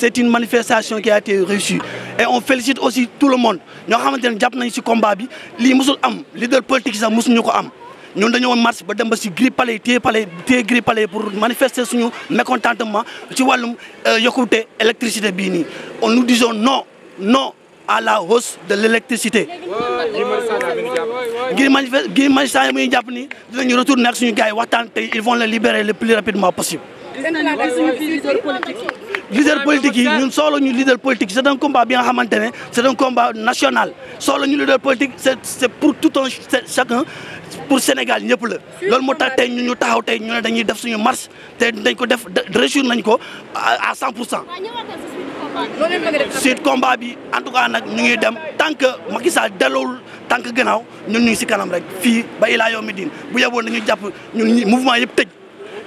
c'est une manifestation qui a été reçue. et on félicite aussi tout le monde Nous avons nañ combat bi musulmans Nous am leader politique Nous marche pour manifester suñu mécontentement ci euh, on nous disons non non à la hausse de l'électricité retourner ils vont le libérer le plus rapidement possible leader politique leader politique c'est un combat bien c'est un combat national Solo leader politique c'est pour tout un chacun pour Sénégal ñëpp le nous ñu ñu marche à 100%. C'est combat en tout cas nous tant que Macky Sall tant que nous nous nous kanam rek nous mouvement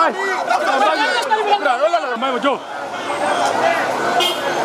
vai. Vai, vai,